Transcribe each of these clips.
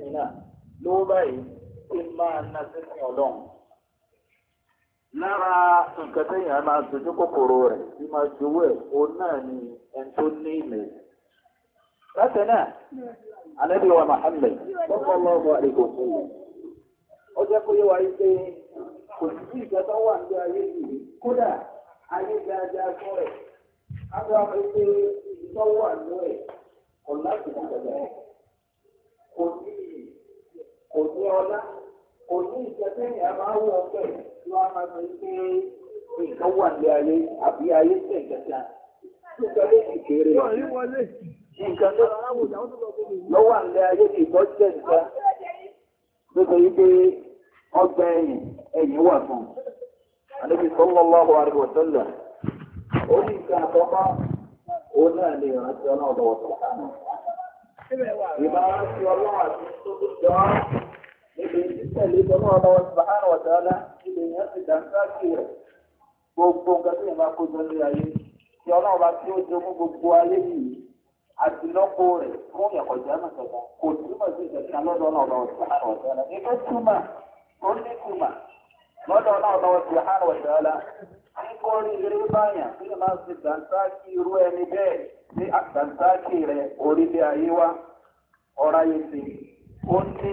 ẹ̀yìn náà lówó báyìí máa ọlọ́run. lára nǹkan tẹ́yìn á máa kòkòrò rẹ̀ bí máa jowó ẹ̀ náà ni tó ní ìmẹ̀. náà wa fún ó jẹ́ kó pé kò sí ìgbà tó wà ní ayé yìí kódà kò ọla, ọlá kò ní a máa wọ ọ̀pẹ tí wọ́n pé nǹkan wà ní ayé àbí ayé sí ìjẹta nípa nǹkan tó lọ́wọ́ ayé kì í bọ́ jẹ́ nǹkan nítorí pé ọgbà ẹ̀yìn ẹ̀yìn wà fún un. Àdébí Ó ní nǹkan àkọ́kọ́ náà lè rántí ọlọ́run àti tó tó ìtẹ̀lé tọ́nú ọba wọn ti bàánù ọ̀dà ọ̀la ilé yẹn ti dà ń sáàkì rẹ̀ gbogbo nǹkan tó yẹ máa kó jọ ní ayé tí ọlọ́run bá tí ó jogún gbogbo ayé yìí àti lọ́pọ̀ rẹ̀ fún ìyàkọ̀já náà sọ̀tàn kò túmọ̀ sí ìjọba lọ́dọ̀ ọlọ́run ọba bàánù ọ̀dà ọ̀la ní tó túmọ̀ tó ní túmọ̀ lọ́dọ̀ ọlọ́run ọba bàánù ọ̀dà ọ̀la kíkọ́rí eré báyà tí ó máa fi dànsáàkì irú ẹni bẹ́ẹ̀ ní dànsáàkì rẹ̀ orílẹ̀ ayé wa ọ̀ráyèsè ó ní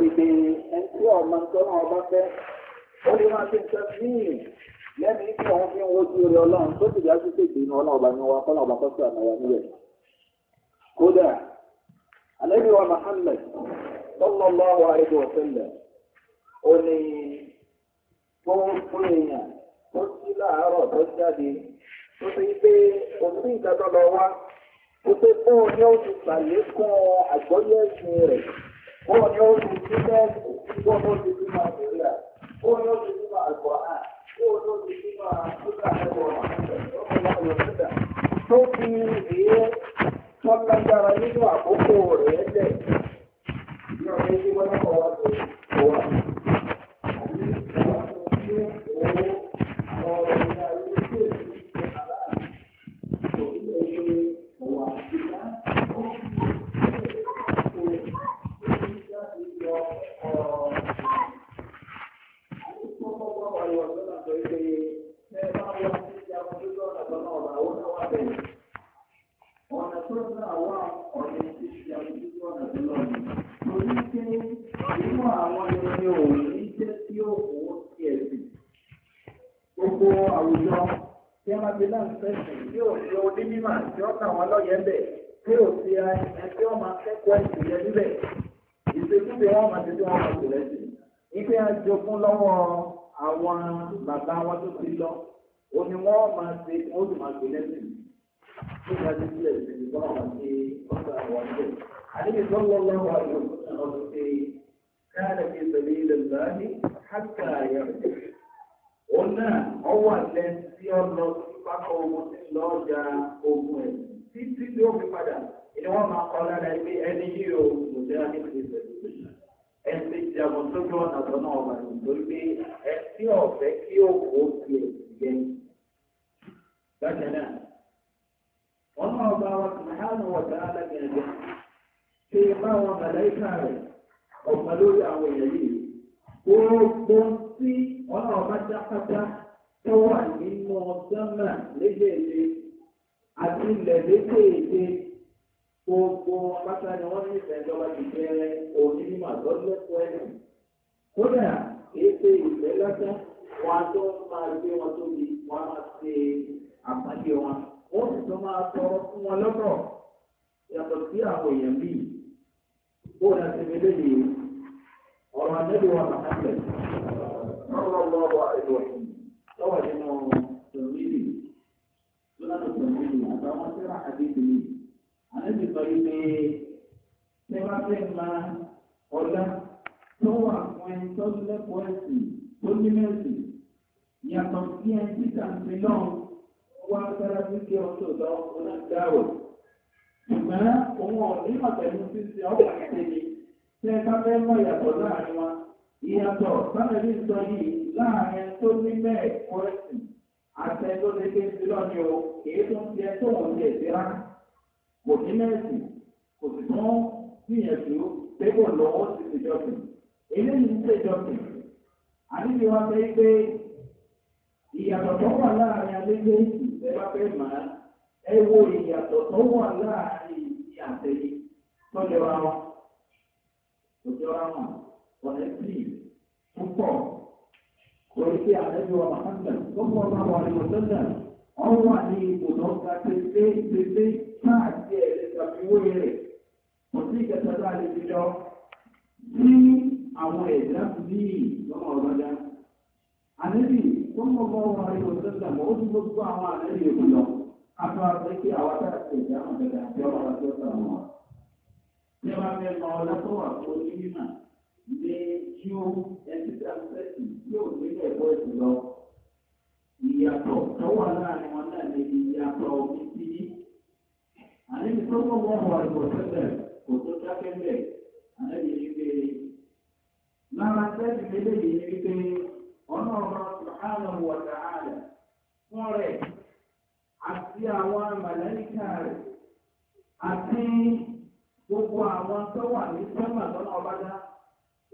torí pé ẹni tí ọmọ tọ́lá ọba fẹ́ ó lè máa ṣe nǹkan míì lẹ́nu ní kí wọ́n fi ń wojú rẹ ọlọ́run tó sì dájú ìdènà ọlọ́ọ̀bá ni wọn níbẹ̀. kódà wa Muhammad sallallahu alaihi wa ó ní èèyàn tó sí láàárọ̀ tó jáde tó ó ó ti ti bẹ́ẹ̀ ó ní ti ti máa bẹ̀rẹ̀ ó ní ó ti ti máa gbọ́ à ó ní ti ti máa kúta ẹ̀kọ́ ọ̀rọ̀ tó fi èyí tó nínú àkókò rẹ̀ lẹ̀ ní ọ̀rẹ́ tí náà kọ́ wá lórí òwò mímà tí ó kàn wọ́n lọ́yẹ̀ bẹ̀ tí ò sí ẹ tí wọ́n máa kẹ́kọ̀ọ́ ẹ̀sìn yẹn níbẹ̀ ìṣèjúbe wọn máa ti tí wọ́n máa tò lẹ́sìn ife àjogún lọ́wọ́ àwọn bàbá wọn tó ti lọ ó ní wọ́n máa ṣe wọ́n máa tò lẹ́sìn tí wọ́n ti sílẹ̀ ìṣèjì tó wọ́n máa ṣe àwọn ọ̀dọ́ àdébí tó lọ lọ́wọ́ àwọn ọ̀dọ́ ṣe káàdà pápá ogun lọ́ọ̀jà ogun ẹ̀ tí tí tí ó fi padà ni wọ́n máa kọ́ lára ẹgbẹ́ ẹni yìí o kò sí àdéhùn ẹni tí ìjàgbọ́n sójú ọ̀nà tó náà wà nítorí pé ẹ tí ọ̀fẹ́ kí òkú ó fi ẹ̀sìn jẹ. bákan náà wọ́n máa bá wa sùnmọ́hánù ọ̀dà alágbèrè ṣe báwọn màláìkà rẹ̀ ọ̀pọ̀ lórí àwọn èèyàn yìí gbogbo tí wọ́n náà bá dá pátá tó wà nínú sánmà lédèèdè àti ilẹ̀ lédèèdè gbogbo pátá ni wọ́n ní ìfẹ̀jọba ti jẹ́ òní ní màdọ́lẹ́kọ̀ọ́ ẹ̀yìn. kódà ètò ìfẹ́ lásán wọn a tó máa gbé wọn tóbi wọn a máa ṣe àpáyé wọn wọn sì tó máa tọrọ fún wọn lọ́tọ̀ yàtọ̀ sí àwọn èèyàn bíi bóun àti mélèlè ọ̀rọ̀ àdébíwọ̀n ọ̀rọ̀ ọ̀gbọ̀n ọ̀gbọ̀n lọ́wọ́ nínú tòmílì lọ́nà tòmílì àtàwọn sẹ́ra àdébìlì àlejò sọ yìí pé ṣé wá fẹ́ máa ọ̀la tó wà fún ẹni tó lẹ́kọ̀ọ́ ẹ̀sìn tó ní mẹ́sìn yàtọ̀ sí ẹni títà sí náà wá sára wíkẹ́ ọjọ́ ìgbà ọ̀la dáwọ̀ ṣùgbọ́n òun ọ̀nìyàn pẹ̀lú ṣíṣe ọ̀pọ̀ àti ẹni tẹ́ ẹ bá fẹ́ mọ̀ ìyàtọ̀ láàrin wa ìyàtọ̀ sábẹ́lì sọ yìí láàrin tó ní bẹ́ẹ̀ kọ́ ẹ̀sìn àtẹ tó lè ké sí lọ́ni o èyí tó ń fi ẹ tó wọ́n lè fi rá kò ní mẹ́sì kò sì tán gbìyànjú pé kò lọ́wọ́ sí ìjọsìn eléyìí ń ṣe ìjọsìn àníbi wa fẹ́ pé ìyàtọ̀ tó wà láàrin alẹ́gbẹ́ ìsìn ẹ̀rọ fẹ́ mà ẹ wo ìyàtọ̀ tó wà láàrin ìsìn àtẹ̀yìn tó jọra wọn kò jọra wọn ọ̀rẹ́bí púpọ̀ orí pé àlejò ọ̀hánà tó pọ̀ náà wà ní ọ̀sẹ̀dà wọ́n wà ní ibùdó ọ̀gá pépé pépé máa ti ẹ̀rẹ́ ìgbàgbéwò rẹ̀ kò sí ìkẹta náà lè fi lọ sí àwọn ẹ̀dá bíi lọ́mọ ọ̀gọ́dá. Àlejò tó pọ̀ náà wà ní ọ̀sẹ̀dà mọ́ ó ti gbogbo àwọn àlejò yòókù lọ. Àtọ́ àti pé àwọn àtàkùn ìjà àwọn ọ̀gá àti ọ̀rọ̀ àti ọ̀sẹ̀ àwọn. Ní ní ju ẹni tí a fẹ́ sí lọ. ìyàtọ̀ tó wà wọn náà lè di ìyàtọ̀ omi sí i. àlejò tó wọ́n anyị na àìkò tẹ́lẹ̀ kò tó dákẹ́ bẹ̀. àlejò yìí pé lára sẹ́ẹ̀dì méjèèjì ka ha gbogbo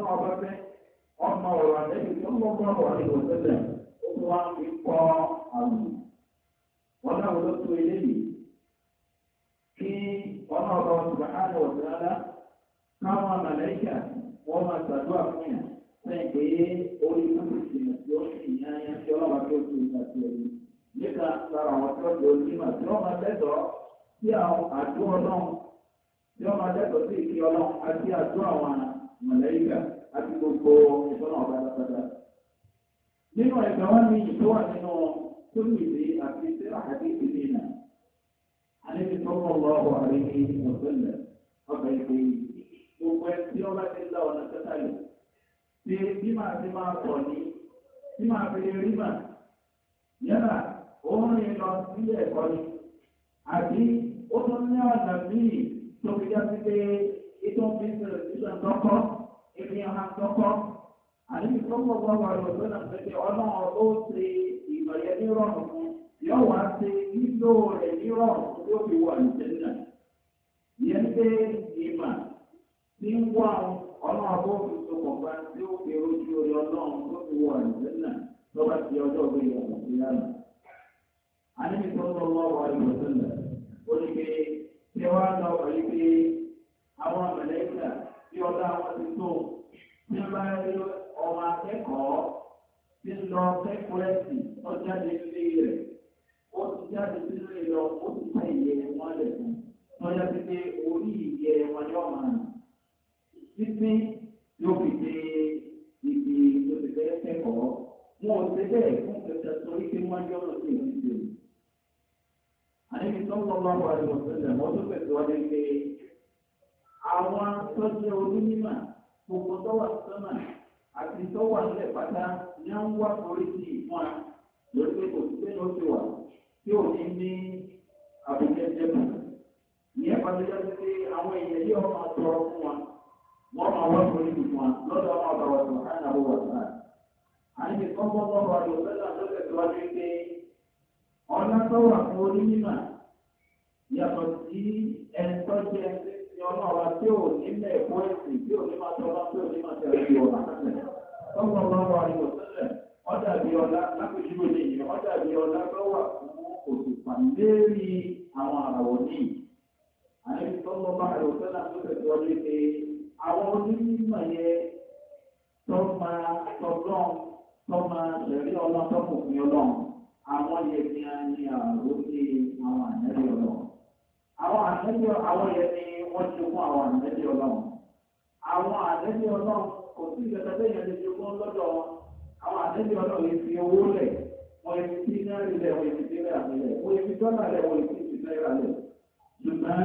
tọ́nà ọba fẹ́ ọmọ ọ̀rọ̀ àtẹ́yìn tó mọ́ bá wà ní òṣèlè ó mú wá fi pọ́ àlù wọn náà ló tó eléyìí kí ọmọ ọba ọ̀sùn àná ọ̀sùn rárá káwọn màlẹ́kà wọ́n máa gbàdúrà fún yà fẹ́ pé orí fún ìsìnkú tí ó sì yá yá tí ọlọ́wà tó tó ìgbà tí ẹni nípa mọ̀lẹ́yìnká àti gbogbo ìtọ́nà ọ̀gá dáadáa. nínú ẹ̀gbẹ́ wọn ní ìtọ́ wà nínú tómìnì àti àti ìdílé àníbi tọ́kọ̀ lọ ọ̀rọ̀ àríwí ọ̀sẹ̀lẹ̀ ọ̀gá ìgbé gbogbo ẹ tí ọba ti la ọ̀nà tẹ́tà lò ṣe bí màá ti máa pọ̀ ní bí màá fi rí mà yálà òun rìn lọ sílé ẹ̀kọ́ ni àbí ó tún ní ọ̀nà míì tó fi dá sí pé itu bisa bisa tokoh, ini orang tokoh. Àdébí sọ́kọ̀ bá wà lọ sọ́nà pẹ̀lú ọ̀nà ọ̀rọ̀ ṣe ìbàyẹ̀ ní rọrùn fún yóò wá ṣe nílò rẹ̀ ní rọrùn tó fi wà ní tẹ̀lé. Ìyẹn pé ìgbìmà ní ń wá ọ̀nà ọ̀rọ̀ ìṣòkò bá tí ó fi ojú orí ọlọ́run tó fi wà ní tẹ̀lé lọ́ba ti ọjọ́ gbé ìyàwó sí lánàá. Àdébí sọ́kọ̀ bá wà lọ sọ́nà ó ní pé ṣé wàá lọ pẹ̀lú pé àwọn mẹ̀lẹ́kà tí ọ̀dà wọn ti tó tí ó bá rí ọmọ akẹ́kọ̀ọ́ tí ń lọ kẹ́kọ̀ọ́ ẹ̀sìn ọjáde nílé rẹ̀ ó ti jáde sílé lọ ó ti ta ìyẹ́ wọn lẹ̀ fún lọ́jà ti pé orí ìyẹ́ wọn yọ̀ máa títí yóò fi dé ibi tó ti wọn ò ṣe bẹ́ẹ̀ fún kẹta torí pé wọ́n yọ̀ lọ sí ìdíje. àníbi tó ń lọ bá wà lọ sílẹ̀ mọ́tò àwọn tó jẹ́ onímọ̀ gbogbo tó wà sọ́nà àti tó wà nílẹ̀ pátá ní ń wá orí sí ìfún a lórí pé kò sí pé ló ti wà tí ò ní ní àbújá jẹ́kù. ìyẹn pàtó jẹ́ pé àwọn èèyàn yóò máa tọrọ fún wa wọ́n máa wá orí sí fún wa lọ́dọ̀ àwọn ọ̀dọ̀ wọ̀tò àyàwó wà sáà. àyè kọ́kọ́ bọ́ọ̀rọ̀ àti òṣèlú àtọ́kẹ̀ tó wá pé ọ̀nà tó wà fún onímọ̀ yàtọ̀ sí ẹ̀ńtọ́jẹ́ ìsìn ọlọ́ọ̀wá tí ò ní mẹ́ ẹ̀kọ́ ẹ̀sìn tí ò ní àwọn àràwọ̀ wọ́n ti fún àwọn àdẹ́bí ọlọ́run àwọn àdẹ́bí ọlọ́run kò sí ìgbẹ́ta yẹn lè ṣe fún lọ́dọ̀ wọn àwọn àdẹ́bí ọlọ́run yìí fi owó lẹ̀ wọ́n yìí fi náírà lẹ̀ wọ́n yìí fi náírà lẹ̀ wọ́n yìí fi dọ́là lẹ̀ wọ́n yìí fi náírà lẹ̀ ṣùgbọ́n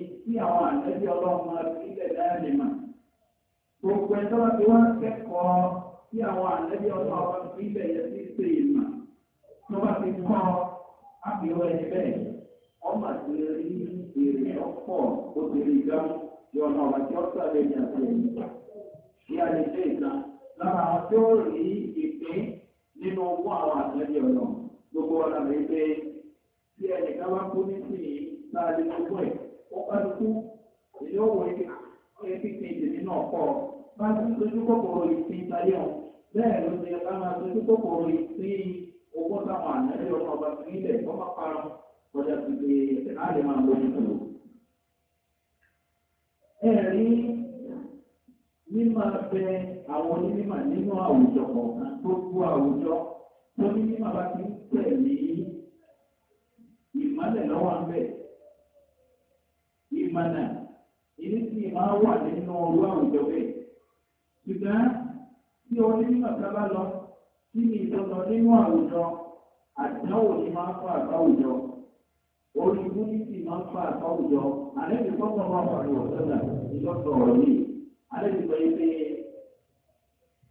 ìtí àwọn àdẹ́bí ọlọ́run máa fi lẹ̀ náírà mà gbogbo ẹjọ́ tó bá fi wọ ẹni ọmọ àti rí èrè ọ̀pọ̀ obìnrin gan ní ọ̀nà ọ̀nà tí ó sọ̀rọ̀ ẹ̀yìn àti ẹ̀yìn. Bí a lè ṣe ìtàn lára àwọn tí ó rí ìpín nínú ogún àwọn àtẹ̀lé ọ̀nà gbogbo ọ̀nà rẹ̀ pé tí ẹnìkan bá kú nísìnyí lára lè gbogbo ẹ̀ ó kálukú èyí ó wọ ẹbí ti tèmi náà pọ̀ bá ti lójú kòkòrò ìpín ìtayé ọ̀ bẹ́ẹ̀ ló ti ẹ̀ bá máa lójú kòkòrò ìpín ogún táwọn àtẹ̀lé ọ̀nà ọba ti nílẹ̀ kọ́ máa parun kọjá sí pé a lè máa bójú tó. ẹ rí mímọ̀ bẹ àwọn onímọ̀ nínú àwùjọ kọ̀ọ̀kan tó kú àwùjọ tó ní mímọ̀ bá ti ń tẹ̀lé ìmọ̀lẹ̀ lọ́wọ́ ń bẹ̀. ìmọ̀nà ìní sì máa wà nínú ọrú àwùjọ bẹ́ẹ̀. ṣùgbọ́n tí onímọ̀ ká bá lọ sí ìtọ́nà nínú àwùjọ àdánwò ni máa ń àbáwùjọ orí unity máa ń fa àwùjọ àlejò tọ́kọ̀ máa wà ní ọ̀sẹ̀dà ìjọsọ ọ̀rọ̀ yìí àlejò sọ yìí pé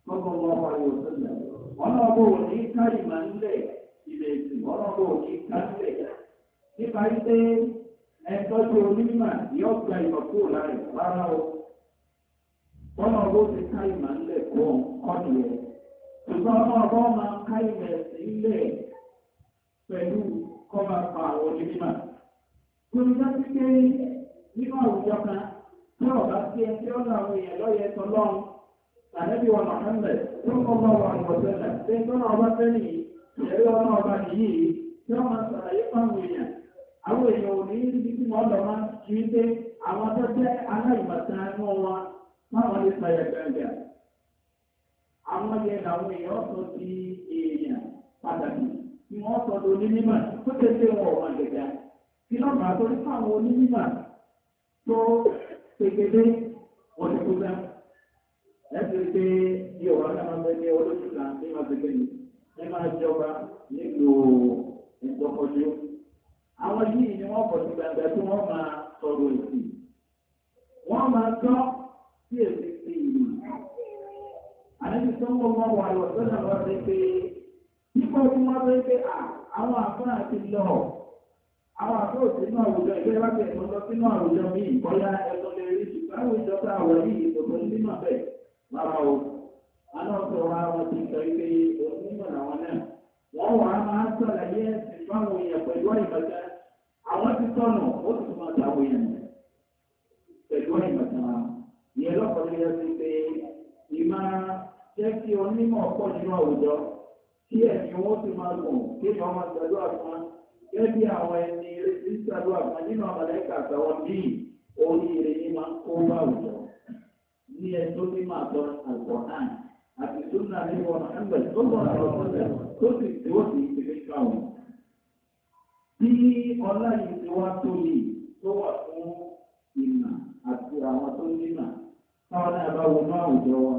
tọ́kọ̀ máa wà ní ọ̀sẹ̀dà ọlọ́ọ̀bọ̀ ò ní ká ìmọ̀ nílẹ̀ ilẹ̀ ìsìn ọlọ́ọ̀bọ̀ ò ní ká nílẹ̀ nípa wípé ẹ̀tọ́jú onímọ̀ yóò gba ìmọ̀ kúrò láàrin rárá o ọlọ́ọ̀bọ̀ ti ká ìmọ̀ nílẹ̀ kọ́ ọ̀nì ẹ̀ ṣùgbọ́n ọlọ́ọ̀bọ̀ máa ká ìmọ̀ ẹ̀sìn nílẹ̀ pẹ̀lú kọ́ máa pa àwọn onímọ̀. Olùdá ti pé nínú àwùjọ kan tí ọ̀gá sí ẹ tí ọ̀gá àwọn èèyàn lọ́yẹ tọ́ lọ́run. Àdébí wa Màhámẹ̀ tó kọ́ bá wà àgbọ̀sẹ̀lẹ̀ pé tọ́nà ọba fẹ́ni ìyẹ̀rí ọmọ ọba nìyí tí wọ́n máa ṣàlàyé fáwọn èèyàn. Àwọn èèyàn tó ti èèyàn pàtàkì ni wọ́n sọ ní mímọ̀ tó tẹ́lẹ̀ wọn ọ̀wọ́n àgbẹ̀dá kí lọ́nà àtọ́jú fáwọn onímọ̀ tó pegede wọ́n ti kúta láti rí pé bí ọ̀rọ̀ aláwọ̀ ẹni olóṣù náà ní máa gbẹgbẹ́ ni ẹ máa jọba nílò ìgbọ́kọ̀jú àwọn yìí ni wọ́n pọ̀ sí gbàgbà tí wọ́n máa sọ̀rọ̀ èsì wọ́n máa gbọ́ sí èsì sí ìlú àlejò tó ń bọ̀ wọ́n wà lọ́sọ̀rọ̀ wọ́n ti pé nípa tí wọ́n fẹ́ pé ah, àwọn àfọ́n àti lọ àwọn àfọ́n òsì náà àwùjọ ìgbé láti ẹ̀kọ́ lọ sínú àwùjọ mi ìbọ́lá ẹ̀kọ́ lè rí ṣùgbọ́n àwùjọ tá a wà ní ìdòdó nímọ̀ bẹ́ẹ̀ lára o àná sọ̀rọ̀ àwọn ti sọ pé onímọ̀ làwọn náà wọ́n wà á máa sọ̀rọ̀ yẹ ẹ̀sìn fáwọn èèyàn pẹ̀lú àìbàjá àwọn ti sọnù ó sì máa tàwọn èèyàn pẹ̀lú àìbàjá ìyẹn kí ẹ̀sìn wọn sì máa gùn kí wọ́n máa tẹ̀lú àfọn gẹ́gí àwọn ẹni retí tẹ̀lú àfọn nínú àmàlẹ́kà àtàwọn bíi oríire yìí máa ń kó bá òjò ní ẹ tó ní máa tọ́ àgbọ̀n náà àti tó náà ní wọn ẹgbẹ̀ tó bọ̀ àwọn ọ̀sẹ̀ tó sì tí ó sì ti fi ká wọn. Bí ọlá yìí ti wá tó yìí tó wà fún ìmọ̀ àti àwọn tó nímọ̀ táwọn náà bá wọnú àwùjọ wa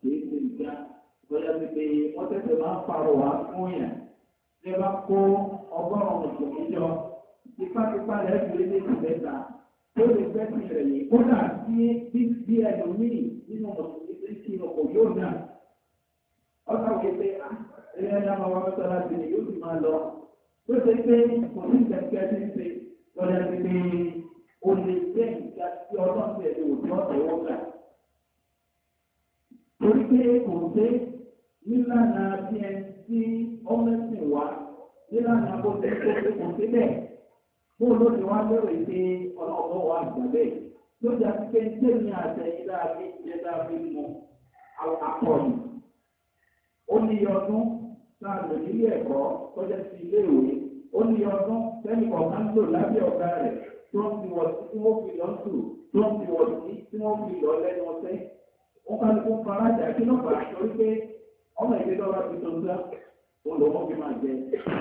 kì í ti gbá lọ́yà ti pé wọ́n tẹ̀sẹ̀ máa ń parọ́ wá fún yẹn lè bá kó ọgọ́rùn-ún mùsùlùmí jọ tipátipá rẹ̀ fi lé méjì mẹ́ta tó lè fẹ́ sí rẹ̀ yìí kódà sí bí ẹlòmíì nínú mùsùlùmí tí kì í ọkọ̀ yóò dà ọ̀sán wò pé ẹ̀yẹ ẹ̀yà máa wá mẹ́ta láti lè yóò sì máa lọ tó ṣe pé kò ní ìtẹ̀kẹ́ ti ń ṣe lọ́yà ti pé o lè jẹ́ ìgbà tí ọlọ́sẹ̀ lè wò gbà torí pé kò ṣe nílànà bí ẹ tí ọmọọ̀sìn wá nílànà bó ti tó fi kàn síbẹ̀ bó ló ti wá lérò pé ọlọ́wọ́ wa gbà bẹ́ẹ̀ ló jà sí pé tẹ́lẹ̀ àtẹ̀yìn láàbí jẹ́ láàbí mọ́ akọ̀yìn ó ní ọdún láàbò nílé ẹ̀kọ́ tọ́jà sí ilé ìwé ó ní ọdún tẹ́lẹ̀ kọ̀ọ̀kan lò lábẹ́ ọ̀gá rẹ̀ tí wọ́n fi wọ̀ sí tí wọ́n fi lọ sùn tí wọ́n fi wọ̀ sí tí wọ́n fi lọ lẹ́nu ọ̀sẹ̀ wọ́n kálukú farajà kí ló fà á sọ wípé ọmọ ìdí tó bá ti tó gbá ó lọ́wọ́ fi máa jẹ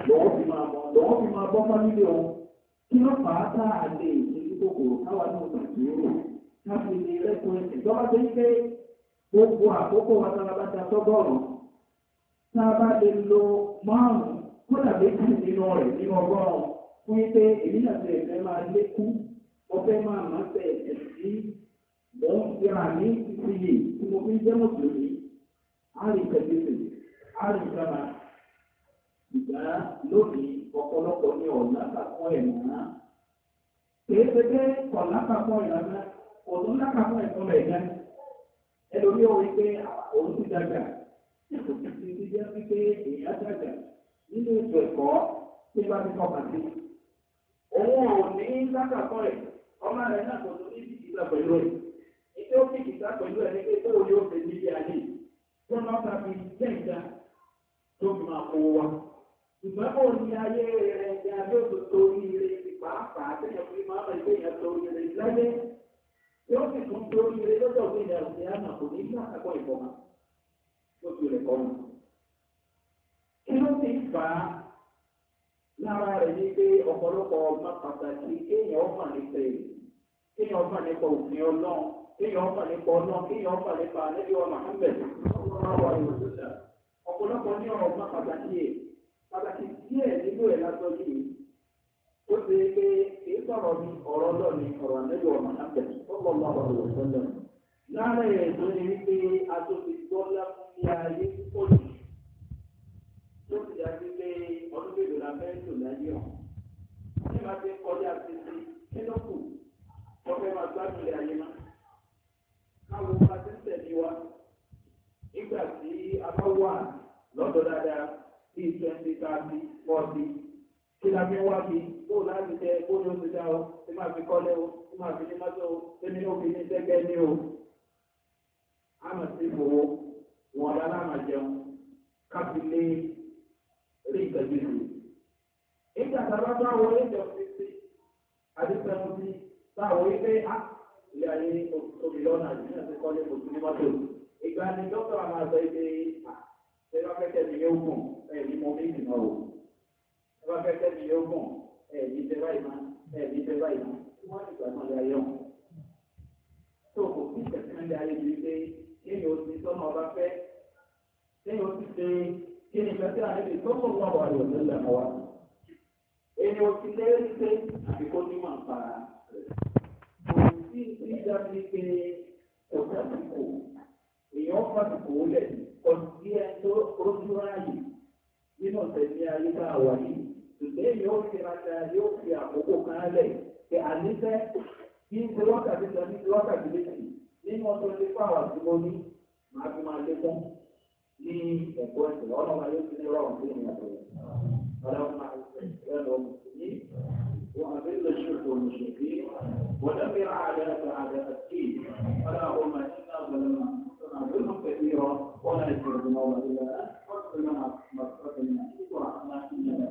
lọ́wọ́ fi máa mọ lọ́wọ́ fi máa bọ́ fámílì ọ̀hún kí wọ́n fà á tá a lè ṣe ní kòkòrò ní ọgbà tí ó rò káfí ní ẹlẹ́kùn ẹ̀sìn tó bá ti pé gbogbo àkókò wa tá a bá ta sọ́gọ́rùn tá a bá lè lo márùn-ún kódà méjì nínú rẹ̀ nínú ọgọ́rùn-ún fún yín pé èmi náà ẹ̀fẹ́ máa lékún ọfẹ́ máa máa tẹ̀ ẹ̀sìn mọ́ ìyá ti àrùn kẹ̀kẹ́ àrùn sábà ìgbà lónìí ọ̀pọ̀lọpọ̀ ní ọ̀nà àpapọ̀ ẹ̀mọ́ kìí ṣe pé ọ̀nà àpapọ̀ ìlànà ọ̀nà àpapọ̀ ẹ̀kọ́ rẹ̀ gan ẹlòmí ò wípé òun ti dàgbà kò sì ti ti jẹ́ wípé èèyàn dàgbà nínú ètò ẹ̀kọ́ tí bá ti kọ́kà sí. òun ò ní lákàtọ̀ ẹ̀ ọmọ rẹ̀ náà kò tó ní ìdìgbà pẹ̀lú ẹ̀ ìdí ó pẹ̀lú ẹ̀ ní pé kó o yóò fi nílé ayé wọ́n máa bá mi jẹ́ǹda tó máa kó wa. Ìgbọ́n kò ní ayé rẹ̀ ní ayé òtútù ire pàápàá tẹ̀yẹ̀ fún ìmọ̀ àmọ̀ ìgbé yẹn tó ire láyé. Yóò sì tún tó ire lọ́dọ̀ fún ìyá òsì àmà kò ní ìgbà àkọ́kọ́ ìbọn ma. Ó ti rẹ̀ kọ́ wọn. Kí ló ti fà á? Lára rẹ̀ ní pé ọ̀pọ̀lọpọ̀ ọmọ pàtàkì kéèyàn ọmọ nípa òfin ọlọ́run kéèyàn ń pàlẹ́ pọ̀ náà kéèyàn ń pàlẹ́ pa alẹ́ yọ Muhammed ọ̀pọ̀lọpọ̀ ní ọ̀rọ̀ ọ̀gbọ́n pàtàkì ẹ̀ pàtàkì díẹ̀ nínú ẹ̀ lásán yìí ó ṣe é pé kì í sọ̀rọ̀ ní ọ̀rọ̀ lọ ní ọ̀rọ̀ àlẹ́yọ Muhammed ọ̀pọ̀ ọ̀gbọ́n ọ̀rọ̀ ọ̀gbọ́n lọ. lára ẹ̀ tó ní wípé aṣojú gbọ́lá ní ayé púpọ̀ jù tó ti dá sí pé ọdún mélòó la fẹ́ lò láyé ọ̀ ní ma ti kọjá títí káwọn bá ti ń tẹ̀lé wa nígbà tí a bá wà lọ́dọ̀ dáadáa bíi twenty thirty forty kí la fi wá bí kó o láti tẹ kó o ní oṣù dá o ṣé máa fi kọ́lé o ṣé máa fi ní mọ́tò o ṣé ní ní ní o. àmọ̀ sí ilé ayé obì lọ́nà àti ìṣẹ́ kọ́ ní oṣù ní mọ́tò. ìgbà ni dókítà máa sọ pé ṣé bá fẹ́kẹ́ mi yóò gùn ẹ̀ ní mo ní ìdìmọ̀ o ṣé bá fẹ́kẹ́ mi yóò gùn ẹ̀ ní ṣe báyìí má ẹ̀ ní ṣe báyìí má tí wọ́n ti gbàgbọ́n lé ayé wọn. tó kò sí ìṣẹ̀sìn lé ayé yìí pé kí ni o ti sọ́nà ọba fẹ́ kí ni o ti ṣe kí ni ìfẹ́ sí àlejò tó kọ̀ wọ́n wà lọ́sẹ̀ lẹ́nu wa. ènìyàn ti lé tí ń dá sí pé ọ̀dà ti kò èèyàn fàtí kò lẹ̀ ọ̀dí ẹ tó ojú ráàyè nínú ọ̀sẹ̀ ní ayé bá wà yìí ṣùgbọ́n yóò fi rata yóò fi àkókò kan lẹ̀ pé ànífẹ́ bí ń ṣe wákàtí lọ ní wákàtí méjì nínú ọ̀sẹ̀ ní fáwọn àti mo ní màá fi máa lékún ní ẹ̀kọ́ ẹ̀sẹ̀ ọlọ́run ayé ti ní rọrùn fún ìrìnàjò ọlọ́run máa ń sẹ́yìn lẹ́nu ọmọ وأذل الشرك والمشركين ودمر أعداءك أعداء الدين فلا هم إنا ظلمنا ظلما كثيرا ولا يغفر الله إلا أنت فاغفر لنا مغفرة من عندك ورحمة إنك